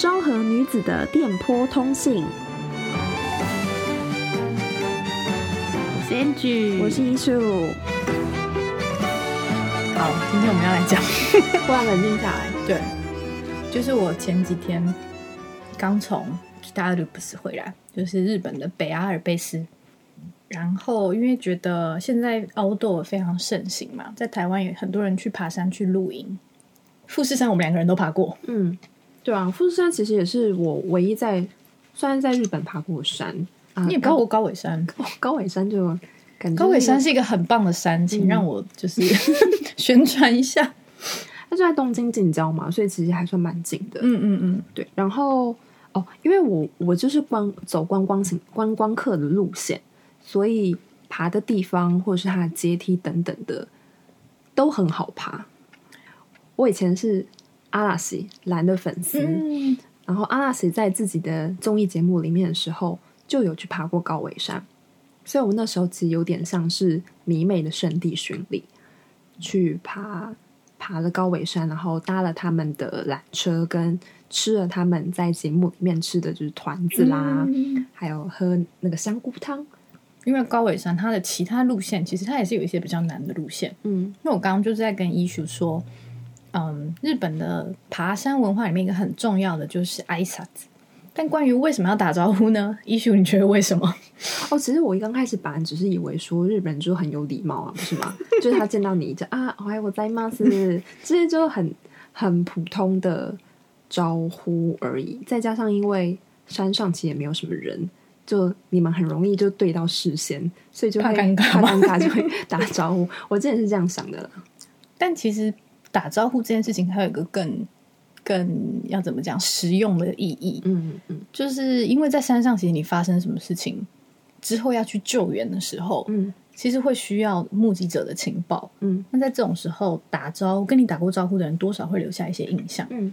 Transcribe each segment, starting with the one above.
昭和女子的電波通信。我是 a n，我是藝術。好，今天我們要來講。 我然冷靜下來，對，就是我前幾天剛從其他 l o p s 回來，就是日本的北阿爾卑斯。然後因為覺得現在奧多非常盛行嘛，在台灣有很多人去爬山去露營。富士山我們兩個人都爬過，嗯。啊、富士山其實也是我唯一在，算是在日本爬過山。啊、你也爬過高尾山、啊高，高尾山就感覺、那個、高尾山是一個很棒的山，嗯、請讓我就是 宣傳一下。它、啊、就在東京近郊嘛，所以其實還算蠻近的。嗯嗯嗯，對。然後哦，因為我我就是光走觀光行觀光客的路線，所以爬的地方或者是它的階梯等等的，都很好爬。我以前是。阿拉西，嵐的粉絲，嗯、然後阿拉西在自己的綜藝節目裡面的時候，就有去爬過高尾山，所以我們那時候其實有點像是迷妹的聖地巡禮，嗯、去爬爬了高尾山，然後搭了他們的纜車，跟吃了他們在節目裡面吃的就是糰子啦，嗯嗯嗯還有喝那個香菇湯，因為高尾山它的其他路線其實它也是有一些比較難的路線，嗯，那我剛剛就是在跟一叔說。嗯，日本的爬山文化裡面一個很重要的就是挨拶。但關於為什麼要打招呼呢？伊秀，你覺得為什麼？哦，其實我一剛開始本來只是以為說日本人就很有禮貌啊，不是嗎？ 就是他見到你就啊，おはようございます，這是就很很普通的招呼而已。再加上因為山上其實也沒有什麼人，就你們很容易就對到視線，所以就怕尷尬，怕尷尬就會打招呼。 我之前是這樣想的了，但其實。打招呼這件事情，它有一個更、更要怎麼講實用的意義。嗯嗯，嗯就是因為在山上，其實你發生什麼事情之後要去救援的時候，嗯，其實會需要目擊者的情報。嗯，那在這種時候，打招跟你打過招呼的人，多少會留下一些印象。嗯，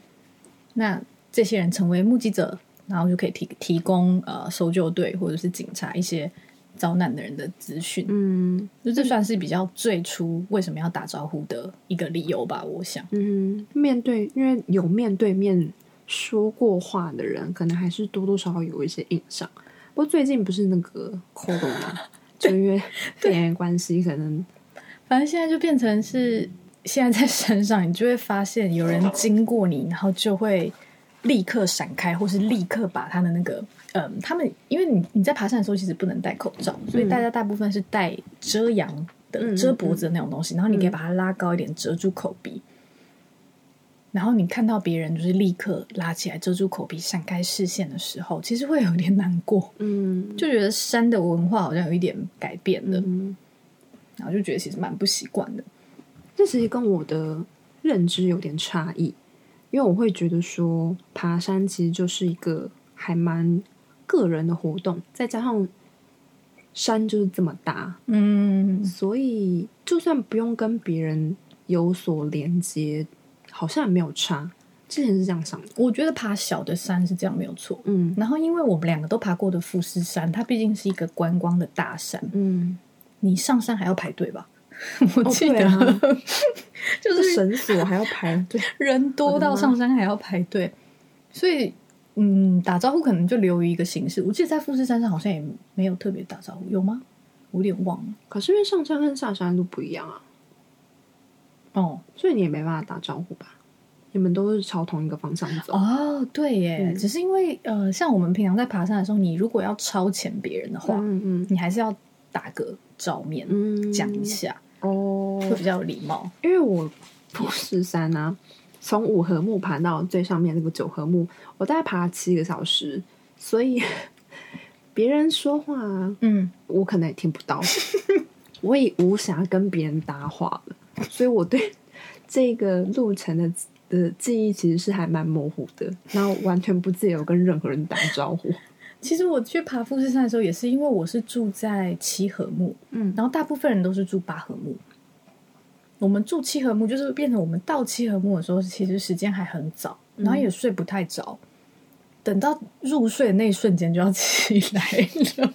那這些人成為目擊者，然後就可以提提供呃搜救隊或者是警察一些遭難的人的資訊，嗯，這算是比較最初為什麼要打招呼的一個理由吧？我想，嗯，面對因為有面對面說過話的人，可能還是多多少少有一些印象。不過最近不是那個 Corona 嗎？就因為個人對關係，可能反正現在就變成是現在在身上，你就會發現有人經過你，然後就會。立刻閃開，或是立刻把他的那個，嗯，他們，因為你你在爬山的時候其實不能戴口罩，嗯、所以大家大部分是戴遮陽的、嗯嗯嗯遮脖子的那種東西，然後你可以把它拉高一點，嗯、遮住口鼻。然後你看到別人就是立刻拉起來遮住口鼻，閃開視線的時候，其實會有點難過，嗯，就覺得山的文化好像有一點改變了，嗯嗯然後就覺得其實蠻不習慣的。這其實跟我的認知有點差異。因為我會覺得說，爬山其實就是一個還蠻個人的活動，再加上山就是這麼大，嗯，所以就算不用跟別人有所連接，好像也沒有差。之前是這樣想的。我覺得爬小的山是這樣沒有錯，嗯。然後因為我們兩個都爬過的富士山，它畢竟是一個觀光的大山，嗯，你上山還要排隊吧？ 我記得、哦啊、 就是繩索，我還要排隊， 人多到上山還要排隊，所以嗯，打招呼可能就流於一個形式。我記得在富士山上好像也沒有特別打招呼，有嗎？我有點忘了。可是因為上山跟下山都不一樣啊，哦，所以你也沒辦法打招呼吧？你們都是朝同一個方向走哦，對耶，嗯、只是因為呃，像我們平常在爬山的時候，你如果要超前別人的話，嗯嗯，你還是要打個照面，嗯、講一下。哦，oh, 比較有禮貌，因為我富士山啊，從五合目爬到最上面那個九合目，我大概爬了七個小時，所以別人說話，嗯，我可能也聽不到， 我也無暇跟別人搭話了，所以我對這個路程的的記憶其實是還蠻模糊的，然後完全不自由跟任何人打招呼。 其實我去爬富士山的時候，也是因為我是住在七合目，嗯，然後大部分人都是住八合目。我們住七合目就是變成我們到七合目的時候，其實時間還很早，嗯、然後也睡不太着。等到入睡的那一瞬間就要起來了，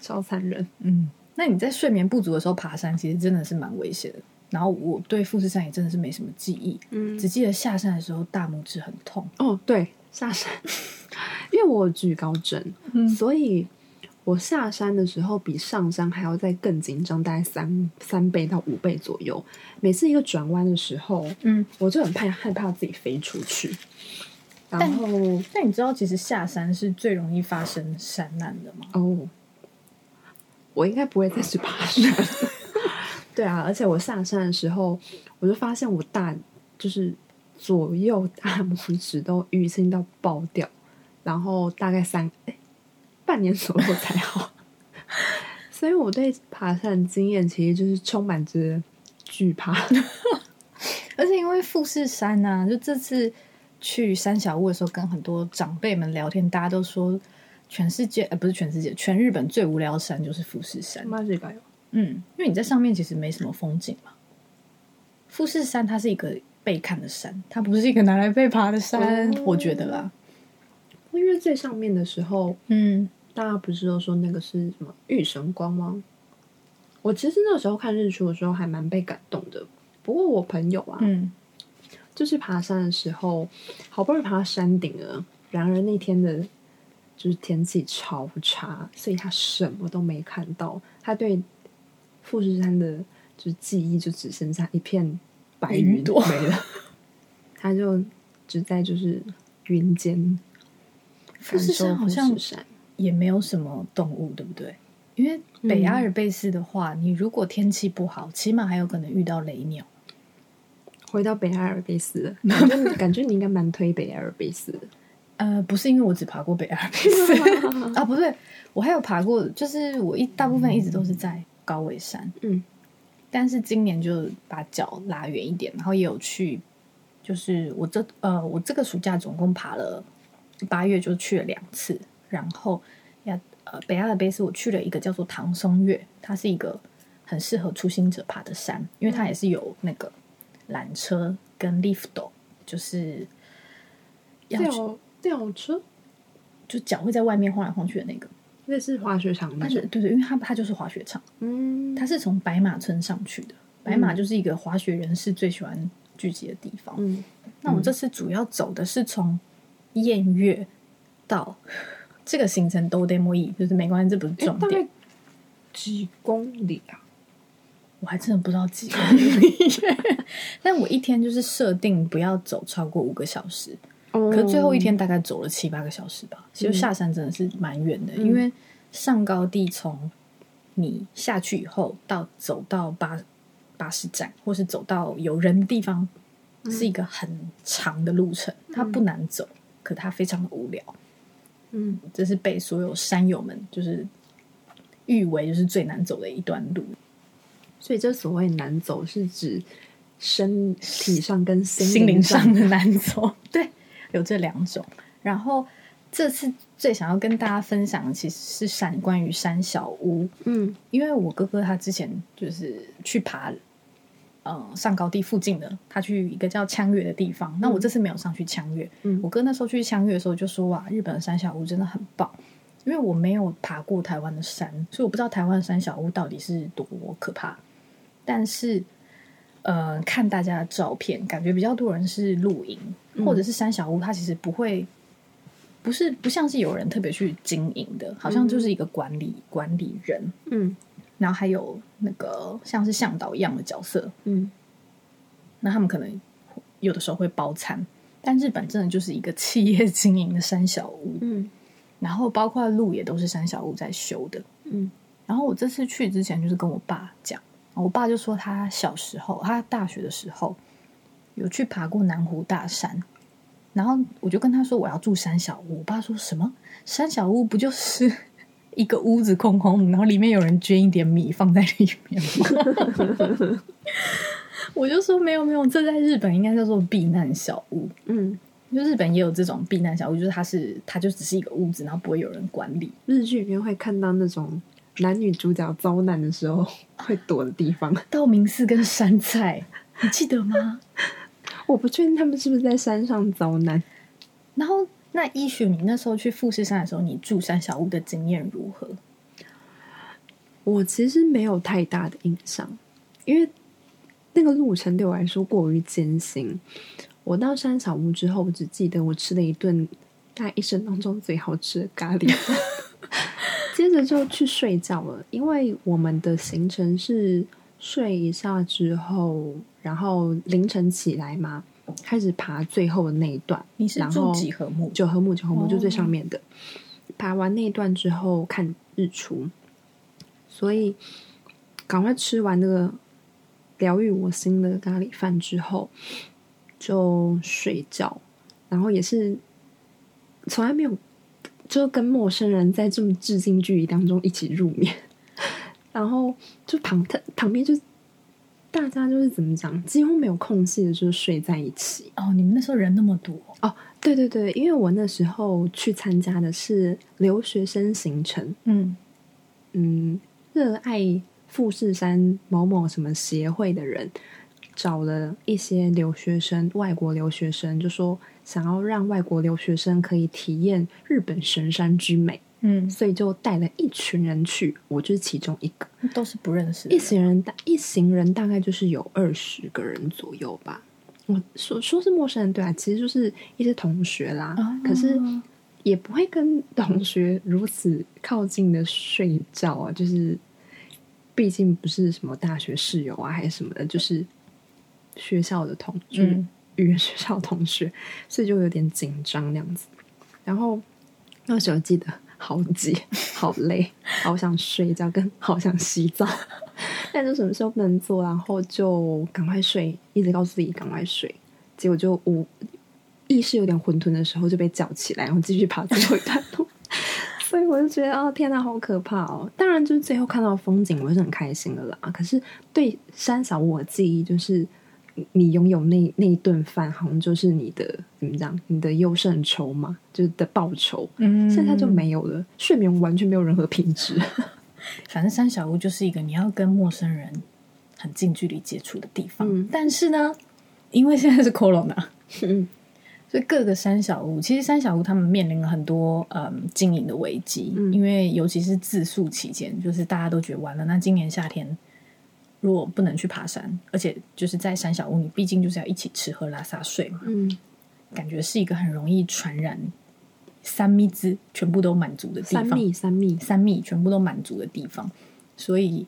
超殘忍。嗯，那你在睡眠不足的時候爬山，其實真的是蠻危險的。然後我對富士山也真的是沒什麼記憶，嗯，只記得下山的時候大拇指很痛。哦，對。下山， 因為我有懼高症，嗯、所以我下山的時候比上山還要再更緊張，大概三三倍到五倍左右。每次一個轉彎的時候，嗯，我就很怕害怕自己飛出去。然後，但但你知道其實下山是最容易發生山難的嗎？哦，oh, 我應該不會再去爬山。 對啊，而且我下山的時候，我就發現我大就是。左右大拇指都淤青到爆掉，然後大概三、欸、半年左右才好。 所以我對爬山的經驗其實就是充滿着懼怕 而且因為富士山呢、啊，就這次去山小屋的時候，跟很多長輩們聊天，大家都說全世界，呃，不是全世界，全日本最無聊的山就是富士山。 嗯，因為你在上面其實沒什麼風景嘛。富士山它是一個。被看的山，它不是一個拿來被爬的山，我覺得啦。嗯、因為最上面的時候，嗯，大家不是都說那個是什麼御神光嗎？我其實那時候看日出的時候還蠻被感動的。不過我朋友啊，嗯、就是爬山的時候好不容易爬到山頂了，然而那天的，就是天氣超差，所以他什麼都沒看到。他對富士山的，就是記憶就只剩下一片。白雲朵多沒了，他就只在就是雲間。就是像好像山也沒有什麼動物，對不對？因為北阿爾卑斯的話，嗯、你如果天氣不好，起碼還有可能遇到雷鳥。回到北阿爾卑斯，感覺 感覺你應該蠻推北阿爾卑斯的。呃，不是因為我只爬過北阿爾卑斯 啊，不對，我還有爬過，就是我一大部分一直都是在高尾山，嗯。嗯但是今年就把腳拉遠一點，然後也有去，就是我這呃，我這個暑假總共爬了，八月就去了兩次，然後呀，呃北阿爾卑斯我去了一個叫做唐松岳，它是一個很適合初心者爬的山，因為它也是有那個纜車跟 lift 斗，就是吊吊車，就腳會在外面晃來晃去的那個。那是滑雪場的，它對對，因為它它就是滑雪場，嗯，它是從白馬村上去的，白馬就是一個滑雪人士最喜歡聚集的地方，嗯，那我這次主要走的是從燕嶽到、嗯、這個行程都得莫易，就是沒關係，這不是重點，幾公里啊？我還真的不知道幾公里， 但我一天就是設定不要走超過五個小時。可是最後一天大概走了七八個小時吧，嗯、其實下山真的是蠻遠的，嗯、因為上高地從你下去以後到走到巴巴士站或是走到有人的地方，嗯、是一個很長的路程。它、嗯、不難走，嗯、可它非常的無聊。嗯，這是被所有山友們就是譽為就是最難走的一段路。所以這所謂難走是指身體上跟心靈上，上的難走， 對。有這兩種，然後這次最想要跟大家分享的其實是山，關於山小屋。嗯，因為我哥哥他之前就是去爬，呃，上高地附近的，他去一個叫槍岳的地方。那我這次沒有上去槍岳。嗯，我哥那時候去槍岳的時候就說哇，日本的山小屋真的很棒。因為我沒有爬過台灣的山，所以我不知道台灣的山小屋到底是多可怕。但是。呃，看大家的照片，感覺比較多人是露營，或者是山小屋。他其實不會，嗯、不是不像是有人特別去經營的，好像就是一個管理、嗯、管理人。嗯，然後還有那個像是向導一樣的角色。嗯，那他們可能有的時候會包餐，但日本真的就是一個企業經營的山小屋。嗯，然後包括路也都是山小屋在修的。嗯，然後我這次去之前就是跟我爸講。我爸就說他小時候，他大學的時候有去爬過南湖大山，然後我就跟他說我要住山小屋。我爸說什麼？山小屋不就是一個屋子空空，然後裡面有人捐一點米放在裡面嗎？ 我就說沒有沒有，這在日本應該叫做避難小屋。嗯，就日本也有這種避難小屋，就是它是它就只是一個屋子，然後不會有人管理。日劇裡面會看到那種。男女主角遭難的時候會躲的地方。啊，道明寺跟杉菜，你記得嗎？ 我不確定他們是不是在山上遭難。然後，那一雪明那時候去富士山的時候，你住山小屋的經驗如何？我其實沒有太大的印象，因為那個路程對我來說過於艱辛。我到山小屋之後，我只記得我吃了一頓他一生當中最好吃的咖喱。 接着就去睡覺了，因為我們的行程是睡一下之後，然後凌晨起來嘛，開始爬最後的那一段。你是住幾合目？然後九合目，九合目就最上面的，哦。爬完那一段之後看日出，所以趕快吃完那個療癒我心的咖喱飯之後就睡覺，然後也是從來沒有。就跟陌生人，在這麼近距離當中一起入眠， 然後就旁他旁邊就大家就是怎麼講，幾乎沒有空隙的，就是睡在一起。哦，你們那時候人那麼多哦？對對對，因為我那時候去參加的是留學生行程，嗯嗯，熱愛富士山某某什麼協會的人，找了一些留學生，外國留學生，就說。想要讓外國留學生可以體驗日本神山之美，嗯，所以就帶了一群人去，我就是其中一個，都是不認識的。一行人，一行人大概就是有二十個人左右吧。我說說是陌生人，對啊，其實就是一些同學啦，哦、可是也不會跟同學如此靠近的睡覺啊，就是畢竟不是什麼大學室友啊，還是什麼的，就是學校的同學。嗯語言學校同學，所以就有點緊張那樣子。然後那時候記得好擠，好累， 好想睡覺，跟好想洗澡。 但是什麼時候不能做，然後就趕快睡，一直告訴自己趕快睡。結果就無意識有點混沌的時候就被叫起來，然後繼續爬最後一段路。 所以我就覺得，啊，哦，天哪，啊，好可怕哦！當然，就是最後看到風景，我就是很開心的啦。可是對山小屋的記憶，就是。你擁有那那一頓飯，好像就是你的怎麼講，你的優勝酬嘛，就是的報酬。嗯，現在就沒有了，睡眠完全沒有任何品質。反正山小屋就是一個你要跟陌生人很近距離接觸的地方。嗯、但是呢，因為現在是 Corona，嗯、所以各個山小屋其實山小屋他們面臨了很多嗯經營的危機。嗯、因為尤其是自宿期間，就是大家都覺得完了，那今年夏天。如果不能去爬山，而且就是在山小屋，你畢竟就是要一起吃喝拉撒睡嘛，嗯、感覺是一個很容易傳染三密之全部都滿足的地方，三密三密三密全部都滿足的地方，所以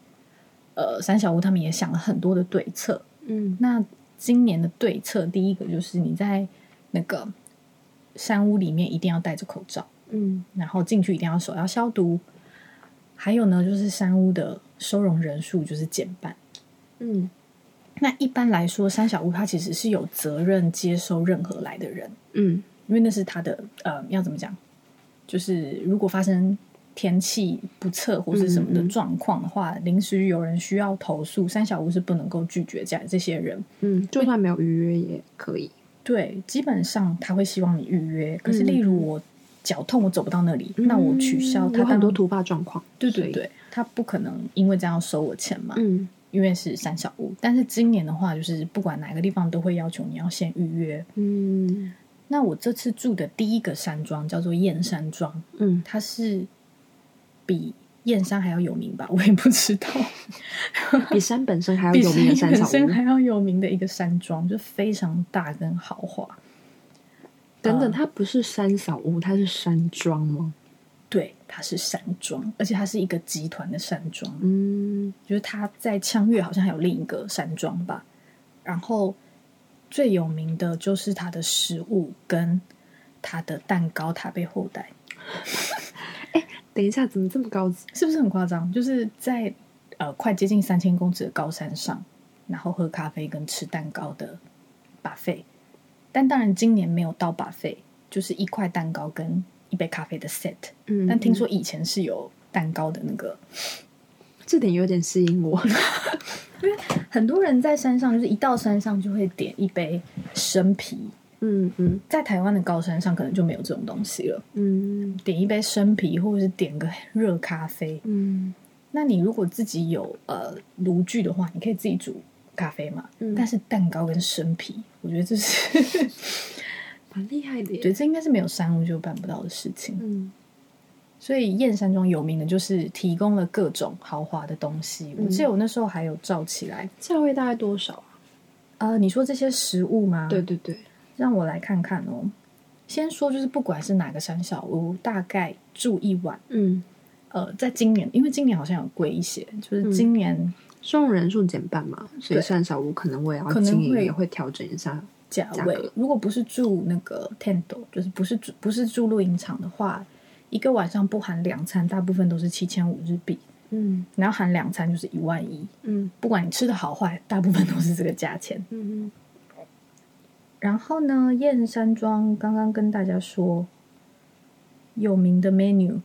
呃，山小屋他們也想了很多的對策。嗯，那今年的對策，第一個就是你在那個山屋裡面一定要戴着口罩，嗯，然後進去一定要手要消毒，還有呢，就是山屋的收容人數就是減半。嗯，那一般來說，山小屋他其實是有責任接收任何來的人，嗯，因為那是他的呃，要怎麼講，就是如果發生天氣不測或是什麼的狀況的話，臨、嗯嗯、時有人需要投宿，山小屋是不能夠拒絕這樣這些人，嗯，就算沒有預約也可以，對，基本上他會希望你預約，嗯、可是例如我腳痛，我走不到那裡，嗯、那我取消他，他很多突發狀況，對對對，他不可能因為這樣要收我錢嘛，嗯。因為是山小屋，但是今年的話，就是不管哪個地方都會要求你要先預約。嗯，那我這次住的第一個山莊叫做燕山莊，嗯，它是比燕山還要有名吧？我也不知道， 比山本身還要有名的山，山還要有名的一個山莊，就非常大跟豪華。嗯、等等，它不是山小屋，它是山莊嗎？它是山莊，而且它是一個集團的山莊。嗯，就是他在槍岳好像還有另一個山莊吧。然後最有名的就是它的食物跟它的蛋糕，它被後代。哎、欸，等一下，怎麼這麼高級？是不是很誇張？就是在呃，快接近三千公尺的高山上，然後喝咖啡跟吃蛋糕的 buffet。但當然，今年沒有到 buffet，就是一塊蛋糕跟。一杯咖啡的 set，但聽說以前是有蛋糕的那個，嗯嗯、這點有點吸引我， 因為很多人在山上，就是一到山上就會點一杯生啤、嗯，嗯嗯，在台灣的高山上可能就沒有這種東西了，嗯，點一杯生啤或者是點個熱咖啡，嗯，那你如果自己有呃爐具的話，你可以自己煮咖啡嘛，嗯、但是蛋糕跟生啤，我覺得這是。 很厲害的，對，這應該是沒有山屋就辦不到的事情。嗯，所以燕山莊有名的，就是提供了各種豪華的東西。嗯、我記得我那時候還有照起來，價位大概多少啊？呃，你說這些食物嗎？對對對，讓我來看看哦。先說就是，不管是哪個山小屋，大概住一晚，嗯，呃，在今年，因為今年好像有貴一些，就是今年送、嗯、人數減半嘛，所以山小屋可能我也要經營，對也會調整一下。價位，口如果不是住那個 Tendo，就是不是住不是住露營場的話，一個晚上不含兩餐，大部分都是七千五日幣。嗯，然後含兩餐就是一萬一。嗯，不管你吃的好壞，大部分都是這個價錢。嗯哼，然後呢，燕山莊剛剛跟大家說，有名的 menu，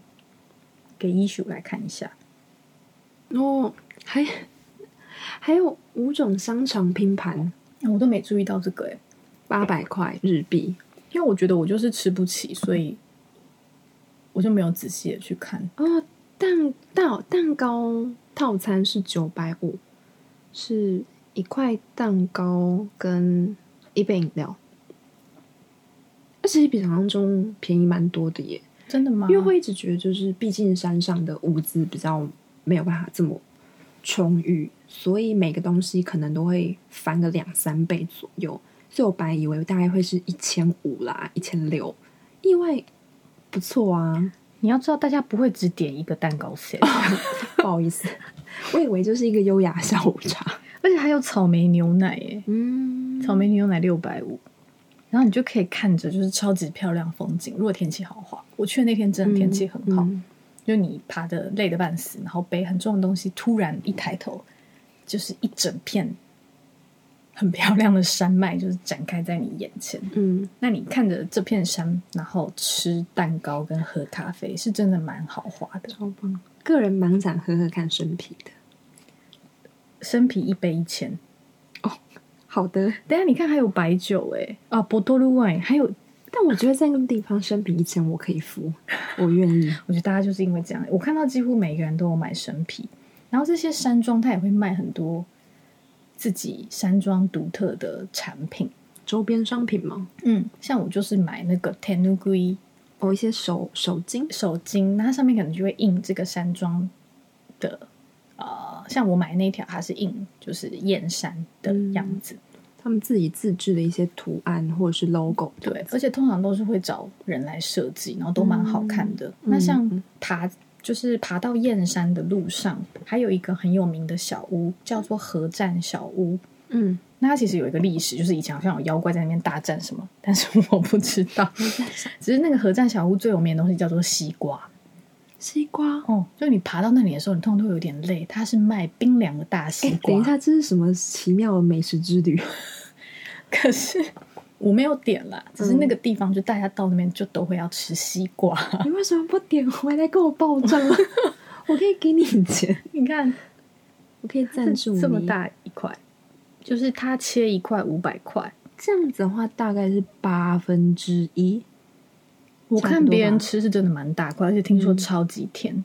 給 Issu 來看一下。哦，還還有五種香腸拼盤，我都沒注意到這個欸。八百塊日幣，因為我覺得我就是吃不起，所以我就沒有仔細的去看哦。蛋、蛋糕套餐是九百五，是一塊蛋糕跟一杯飲料。那其實比想象中便宜蠻多的耶，真的嗎？因為我一直覺得，就是畢竟山上的物資比較沒有辦法這麼充裕，所以每個東西可能都會翻個兩三倍左右。六百，以,以為大概會是一千五啦，一千六，意外不錯啊！你要知道，大家不會只點一個蛋糕 不好意思，我以為就是一個優雅下午茶，而且還有草莓牛奶耶，嗯，草莓牛奶六百五，然後你就可以看着就是超級漂亮風景，如果天氣好的話。我去的那天真的天氣很好，嗯嗯、就你爬得累得半死，然後背很重的東西，突然一抬頭，就是一整片。很漂亮的山脈就是展開在你眼前，嗯，那你看着這片山，然後吃蛋糕跟喝咖啡，是真的蠻豪華的，超棒。個人蠻想喝喝看生啤的，生啤一杯一千，哦，好的。等下你看還有白酒、欸，哎，啊，博多路外還有，但我覺得在那個地方生啤一千我可以付， 我願意。我覺得大家就是因為這樣，我看到幾乎每個人都有買生啤，然後這些山莊它也會賣很多自己山莊獨特的產品周邊商品嗎？嗯，像我就是買那個 tenugui，哦，一些手手巾、手巾，那它上面可能就會印這個山莊的、呃，像我買那條還是印就是燕山的樣子。嗯、他們自己自製的一些圖案或者是 logo，對，而且通常都是會找人來設計，然後都蠻好看的。嗯嗯、那像他。就是爬到燕山的路上，還有一個很有名的小屋，叫做合戰小屋。嗯，那它其實有一個歷史，就是以前好像有妖怪在那邊大戰什麼，但是我不知道。只是那個合戰小屋最有名的東西叫做西瓜，西瓜。哦，就你爬到那裡的時候，你通常有點累，它是賣冰涼的大西瓜。欸，等一下，這是什麼奇妙的美食之旅？ 可是。我沒有點啦，只是那個地方就大家到那邊就都會要吃西瓜，嗯。你為什麼不點回來給我報賬？ 我可以給你錢，你看，我可以贊助你這麼大一塊，就是他切一塊五百塊，這樣子的話大概是八分之一。我看別人吃是真的蠻大塊，而且聽說超級甜，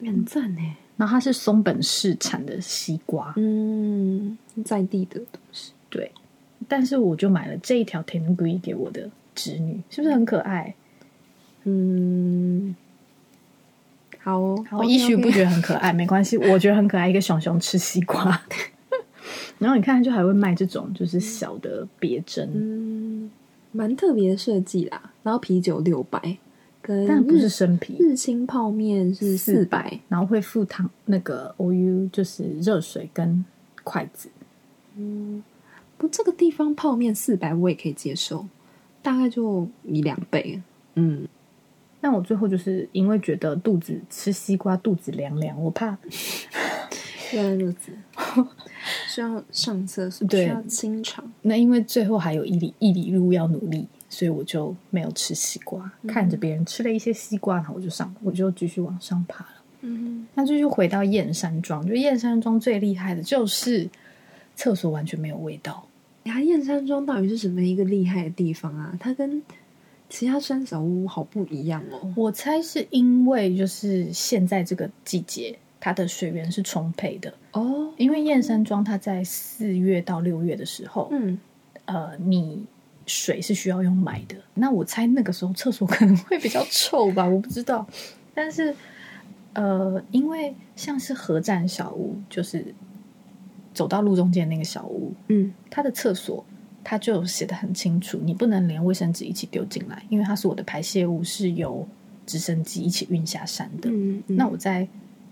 嗯、很讚呢。然後它是松本市產的西瓜，嗯，在地的東西，對。但是我就買了這一條甜 a 給我的侄女，是不是很可愛？嗯，好哦，我一去不覺得很可愛，沒關係， 我覺得很可愛，一個熊熊吃西瓜。 然後你看，就還會賣這種就是小的別針，嗯，嗯，蠻特別的設計啦。然後啤酒六百，跟但不是生啤，日清泡麵是四百，然後會附糖。那個 OU 就是熱水跟筷子，嗯。這個地方泡麵四百，我也可以接受，大概就一兩倍，嗯。那我最後就是因為覺得肚子吃西瓜肚子涼涼，我怕。原來如此。肚子需要上廁所，是不是需要？對，清腸。那因為最後還有一里一里路要努力，所以我就沒有吃西瓜。看着別人吃了一些西瓜，嗯，然後我就上，我就繼續往上爬了。嗯，那就繼續回到燕山莊，就燕山莊最厲害的就是廁所完全沒有味道。呀，燕山莊到底是什麼一個厲害的地方啊？它跟其他山小屋好不一樣哦。我猜是因為就是現在這個季節，它的水源是充沛的哦。因為燕山莊它在四月到六月的時候，嗯，呃，你水是需要用買的。那我猜那個時候廁所可能會比較臭吧？ 我不知道。但是，呃，因為像是合戰小屋，就是。走到路中間那個小屋，他、嗯、它的廁所，它就寫得很清楚，你不能連衛生紙一起丟進來，因為它所有的排泄物，是由直升機一起運下山的。嗯嗯，那我在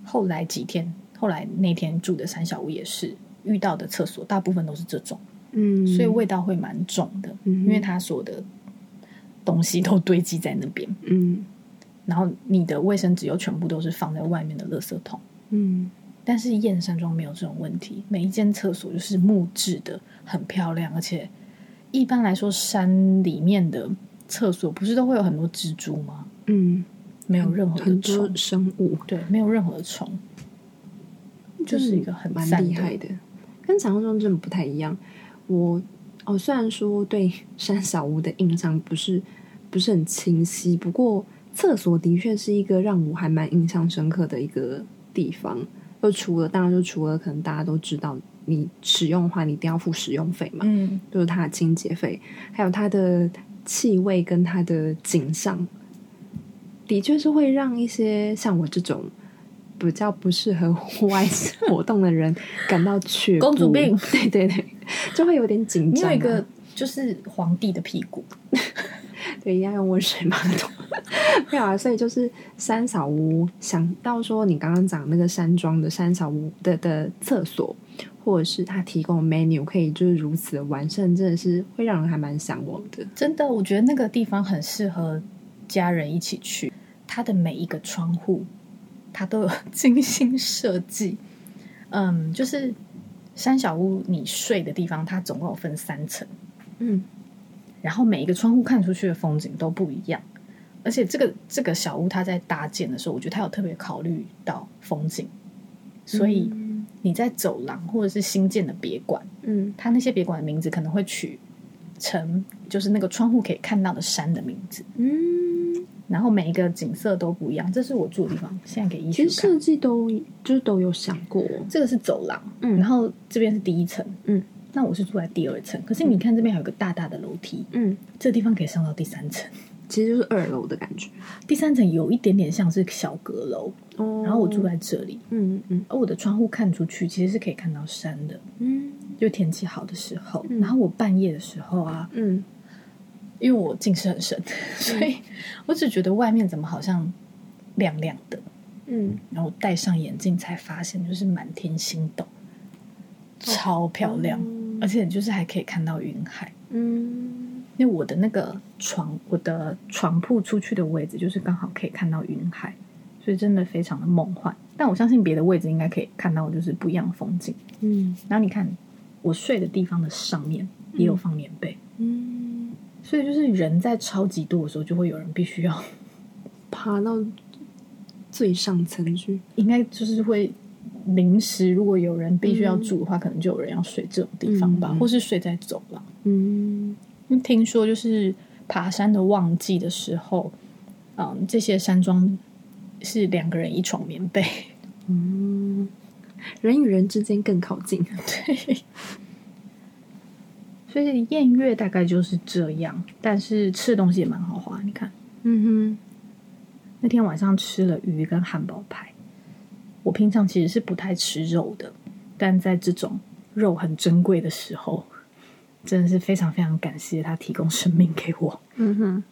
後來幾天，後來那天住的山小屋也是遇到的廁所，大部分都是這種，嗯嗯，所以味道會蠻重的，因為它所有的東西都堆積在那邊，嗯、然後你的衛生紙又全部都是放在外面的垃圾桶，嗯但是燕山莊沒有這種問題，每一間廁所就是木質的，很漂亮。而且一般來說，山裡面的廁所不是都會有很多蜘蛛嗎？嗯，沒有任何的蟲，很多生物，對，沒有任何的蟲，就是，是一個很蠻厲害的，跟想象中真的不太一樣。我哦，雖然說對山小屋的印象不是不是很清晰，不過廁所的確是一個讓我還蠻印象深刻的一個地方。就除了，當然就除了，可能大家都知道，你使用的話，你一定要付使用費嘛。嗯，就是它的清潔費，還有它的氣味跟它的景象，的確是會讓一些像我這種比較不適合戶外活動的人 感到卻步，公主病，對對對，就會有點緊張啊。你有一個就是皇帝的屁股。對，一定要用溫水馬桶。 沒有啊，所以就是山小屋想到說，你剛剛講那個山莊的山小屋的的廁所，或者是它提供的 menu，可以就是如此的完善，真的是會讓人還蠻嚮往的。真的，我覺得那個地方很適合家人一起去。它的每一個窗戶，它都有精心設計。嗯，就是山小屋你睡的地方，它總共有分三層。嗯。然後每一個窗戶看出去的風景都不一樣，而且這個這個小屋它在搭建的時候，我覺得它有特別考慮到風景，所以你在走廊或者是新建的別館，嗯，它那些別館的名字可能會取成就是那個窗戶可以看到的山的名字，嗯，然後每一個景色都不一樣。這是我住的地方，現在給醫生。其實設計都就是都有想過，嗯，這個是走廊，嗯，然後這邊是第一層，嗯。那我是住在第二層，可是你看這邊還有個大大的樓梯，嗯，這地方可以上到第三層，其實就是二樓的感覺。第三層有一點點像是小閣樓，哦，然後我住在這裡，嗯嗯，而我的窗戶看出去其實是可以看到山的，嗯，就天氣好的時候。然後我半夜的時候啊，嗯，因為我近視很深，所以我只覺得外面怎麼好像亮亮的，嗯，然後戴上眼鏡才發現就是滿天星斗，超漂亮。而且就是還可以看到雲海，嗯，因為我的那個床，我的床鋪出去的位置就是剛好可以看到雲海，所以真的非常的夢幻。但我相信別的位置應該可以看到就是不一樣的風景，嗯。然後你看我睡的地方的上面也有放棉被，嗯。嗯。所以就是人在超級多的時候，就會有人必須要爬到最上層去，應該就是會。臨時，零食，如果有人必須要住的話，嗯、可能就有人要睡這種地方吧，嗯、或是睡在走廊。嗯，聽說就是爬山的旺季的時候，嗯，這些山莊是兩個人一床棉被。嗯，人與人之間更靠近。對，所以艷遇大概就是這樣，但是吃的東西也蠻豪華。你看，嗯哼，那天晚上吃了魚跟漢堡排。我平常其實是不太吃肉的，但在這種肉很珍貴的時候，真的是非常非常感謝他提供生命給我。嗯哼。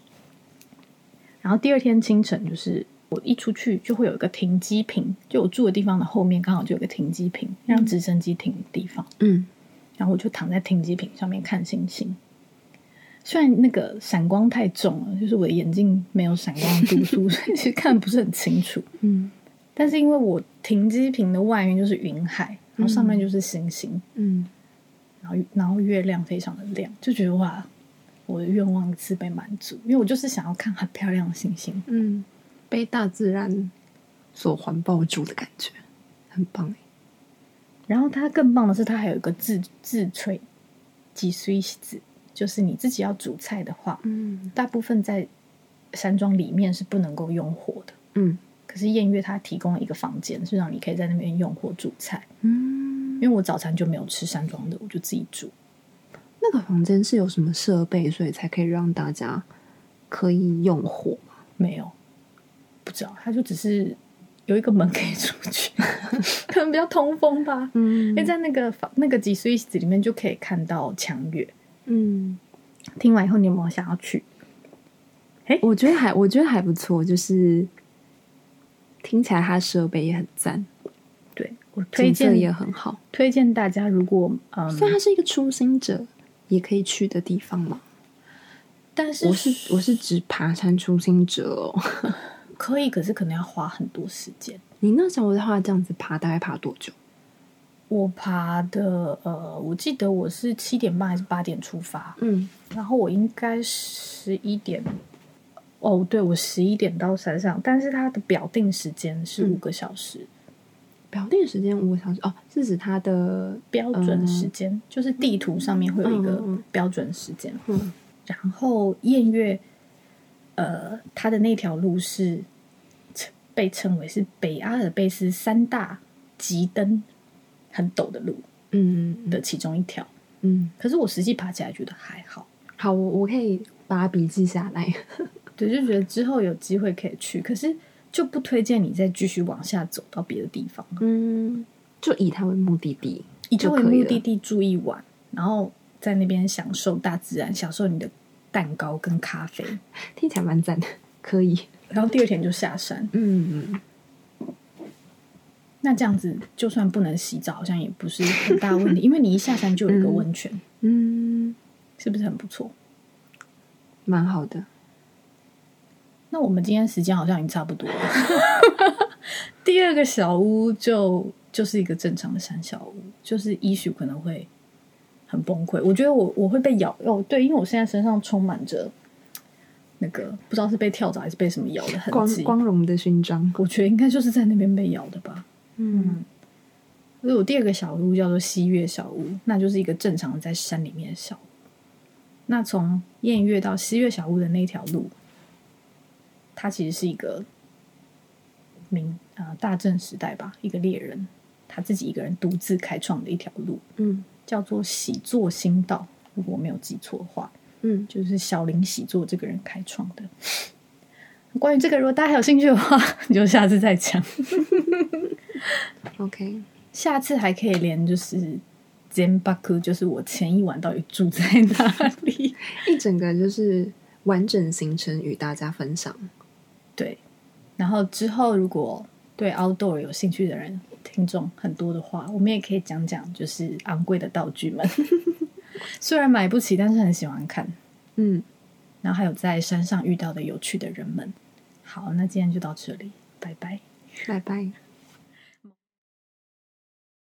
然後第二天清晨，就是我一出去就會有一個停機坪，就我住的地方的後面剛好就有一個停機坪，嗯、讓直升機停的地方。嗯。然後我就躺在停機坪上面看星星，雖然那個閃光太重了，就是我的眼鏡沒有閃光度數， 所以其實看不是很清楚。嗯。但是因為我停機坪的外面就是雲海，嗯、然後上面就是星星，嗯然，然後月亮非常的亮，就覺得哇，我的願望一次被滿足，因為我就是想要看很漂亮的星星，嗯，被大自然所環抱住的感覺很棒。然後它更棒的是，它還有一個自自炊，即炊子，就是你自己要煮菜的話，嗯、大部分在山莊裡面是不能夠用火的，嗯。可是宴月他提供了一個房間，是讓你可以在那邊用火煮菜。嗯，因為我早餐就沒有吃山莊的，我就自己煮。那個房間是有什麼設備，所以才可以讓大家可以用火嗎？沒有，不知道。他就只是有一個門可以出去， 可能比較通風吧。嗯，因為，在那個房那個幾歲裡面就可以看到強月。嗯，聽完以後，你有沒有想要去？哎，我覺得還我覺得還不錯，就是。聽起來它設備也很讚，對我推薦也很好，推薦大家如果呃、嗯，雖然是一個初心者，也可以去的地方嘛。但是我是我是指爬山初心者哦可以，可是可能要花很多時間。你那時候的話，這樣子爬大概爬多久？我爬的呃，我記得我是七點半還是八點出發，嗯，然後我應該十一點。哦，oh, 對，我十一點到山上，但是它的表定時間是五個小時，嗯，表定時間五個小時哦，是指它的標準時間，呃、就是地圖上面會有一個標準時間。嗯嗯嗯嗯、然後燕岳，呃，他的那條路是、呃、被稱為是北阿爾卑斯三大急登很陡的路，嗯的其中一條，嗯，嗯，可是我實際爬起來覺得還好，好，我我可以把它筆記下來。對，就覺得之後有機會可以去，可是就不推薦你再繼續往下走到別的地方。嗯，就以它為目的地，以它為目的地住一晚，然後在那邊享受大自然，享受你的蛋糕跟咖啡，聽起來蠻讚的，可以。然後第二天就下山。嗯嗯。那這樣子就算不能洗澡，好像也不是很大問題， 因為你一下山就有一個溫泉。嗯。嗯，是不是很不錯？蠻好的。那我們今天時間好像已經差不多了。 第二個小屋就就是一個正常的山小屋，就是也許可能會很崩潰。我覺得我我會被咬哦，對，因為我現在身上充滿着那個不知道是被跳蚤還是被什麼咬的痕跡。光榮的勳章，我覺得應該就是在那邊被咬的吧。嗯，所以、嗯、我第二個小屋叫做西岳小屋，那就是一個正常的在山裡面的小屋。那從燕岳到西岳小屋的那條路，他其實是一個明，啊、呃、大正時代吧，一個獵人，他自己一個人獨自開創的一條路，嗯，叫做喜作新道，如果我沒有記錯的話，嗯，就是小林喜作這個人開創的。關於這個，如果大家還有興趣的話，你就下次再講。 OK，下次還可以連就是前泊，就是我前一晚到底住在哪裡， 一整個就是完整行程與大家分享。然後之後，如果對 outdoor 有興趣的人聽眾很多的話，我們也可以講講，就是昂貴的道具們， 雖然買不起，但是很喜歡看。嗯，然後還有在山上遇到的有趣的人們。好，那今天就到這裡，拜拜，拜拜。